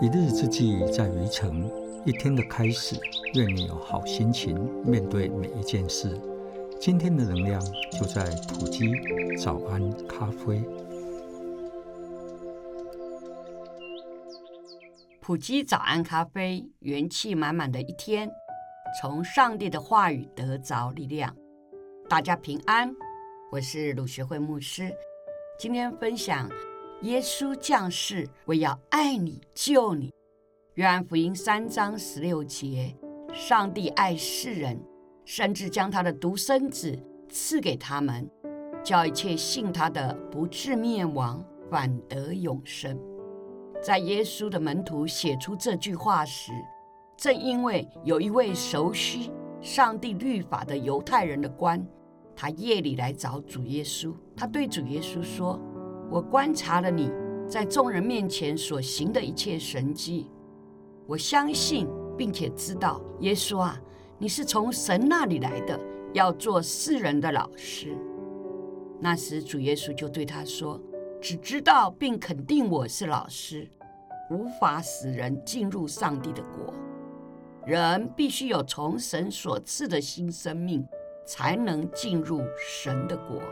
一日之計在於晨，一天的開始，願你有好心情面對每一件事。今天的能量就在埔基早安咖啡。埔基早安咖啡，元氣滿滿的一天，從上帝的話語得着力量。大家平安，我是魯學蕙牧師。今天分享，耶穌降世，我要愛你救你。約翰福音三章十六節：上帝愛世人，甚至將他的獨生子賜給他們，叫一切信他的不至滅亡，反得永生。在耶穌的門徒寫出這句話時，正因為有一位熟悉上帝律法的猶太人的官。他夜裡來找主耶穌，他對主耶穌說：“我觀察了你在眾人面前所行的一切神跡，我相信並且知道，耶穌啊，你是從神那裡來的，要做世人的老師。”那時主耶穌就對他說：“只知道並肯定我是老師，無法使人進入上帝的國。人必須有從神所賜的新生命。”才能進入神的國。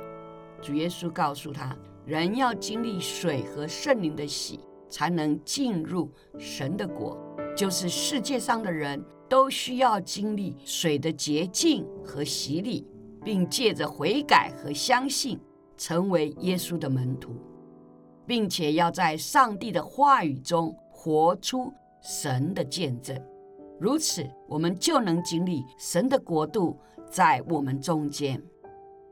主耶穌告訴他，人要經歷水和聖靈的洗，才能進入神的國。就是世界上的人都需要經歷水的潔淨和洗禮，並借着悔改和相信，成為耶穌的門徒，並且要在上帝的話語中活出神的見證。如此，我們就能經歷神的國度。在我們中間，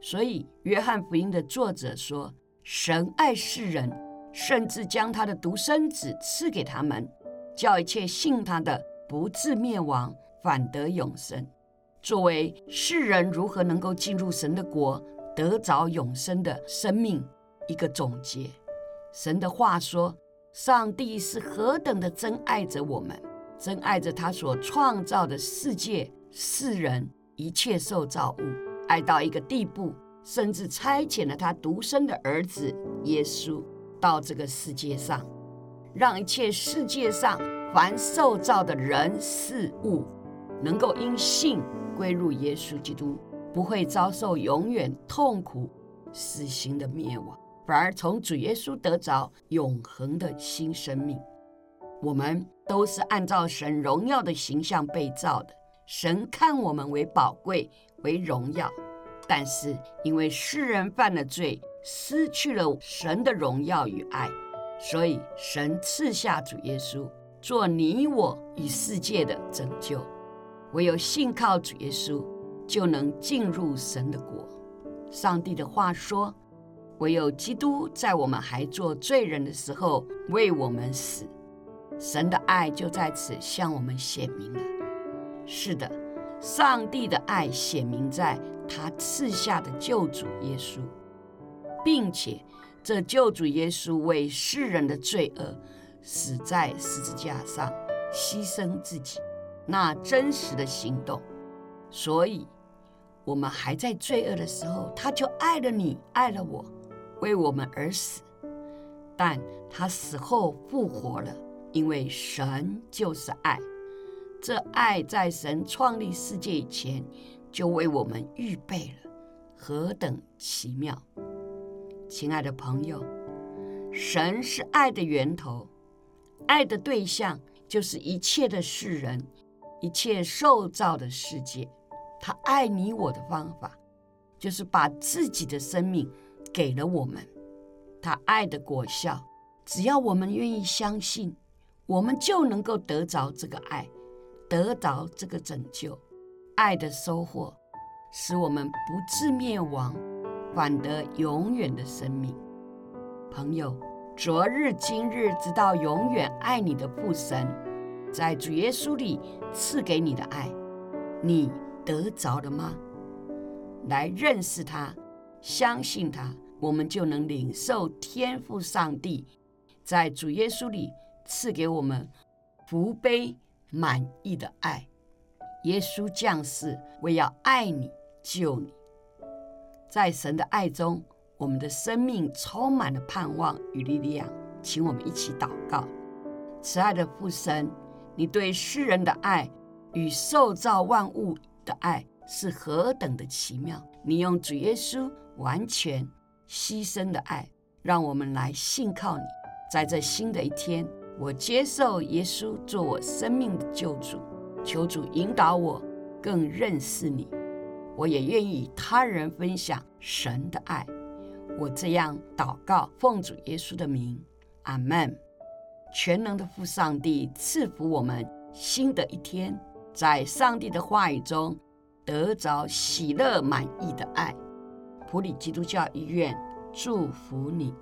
所以約翰福音的作者說：“神愛世人，甚至將他的獨生子賜給他們，叫一切信他的不至滅亡，反得永生。”作為世人如何能夠進入神的國、得着永生的生命一個總結，神的話說：“上帝是何等的珍愛着我們，珍愛着他所創造的世界、世人。”一切受造物愛到一個地步，甚至差遣了他獨生的兒子耶穌到這個世界上，讓一切世界上凡受造的人事物，能夠因信歸入耶穌基督，不會遭受永遠痛苦、死刑的滅亡，反而從主耶穌得着永恆的新生命。我們都是按照神榮耀的形象被造的。神看我們為寶貴，為榮耀，但是因為世人犯了罪，失去了神的榮耀與愛，所以神賜下主耶穌，做你我與世界的拯救。唯有信靠主耶穌，就能進入神的國。上帝的話說：“唯有基督在我們還做罪人的時候為我們死，神的愛就在此向我們顯明了。”是的，上帝的愛顯明在他賜下的救主耶穌，並且這救主耶穌為世人的罪惡死在十字架上，犧牲自己，那真實的行動。所以，我們還在罪惡的時候，他就愛了你，愛了我，為我們而死。但他死後復活了，因為神就是愛。這愛在神創立世界以前就為我們預備了，何等奇妙！親愛的朋友，神是愛的源頭，愛的對象就是一切的世人，一切受造的世界。他愛你我的方法，就是把自己的生命給了我們。他愛的果效，只要我們願意相信，我們就能夠得着這個愛。得着這個拯救，愛的收穫，使我們不至滅亡，反得永遠的生命。朋友，昨日今日直到永遠愛你的父神，在主耶穌裡賜給你的愛，你得着了嗎？來認識他，相信他，我們就能領受天父上帝在主耶穌裡賜給我們福杯。滿意的愛，耶穌降世為要愛你救你，在神的愛中，我們的生命充滿了盼望與力量。請我們一起禱告：慈愛的父神，你對世人的愛與受造萬物的愛是何等的奇妙！你用主耶穌完全犧牲的愛，讓我們來信靠你。在這新的一天。我接受耶穌做我生命的救主，求主引導我更認識你。我也願意與他人分享神的愛。我這樣禱告，奉主耶穌的名，阿門。全能的父上帝賜福我們新的一天，在上帝的話語中得着喜樂滿意的愛。埔里基督教醫院祝福你。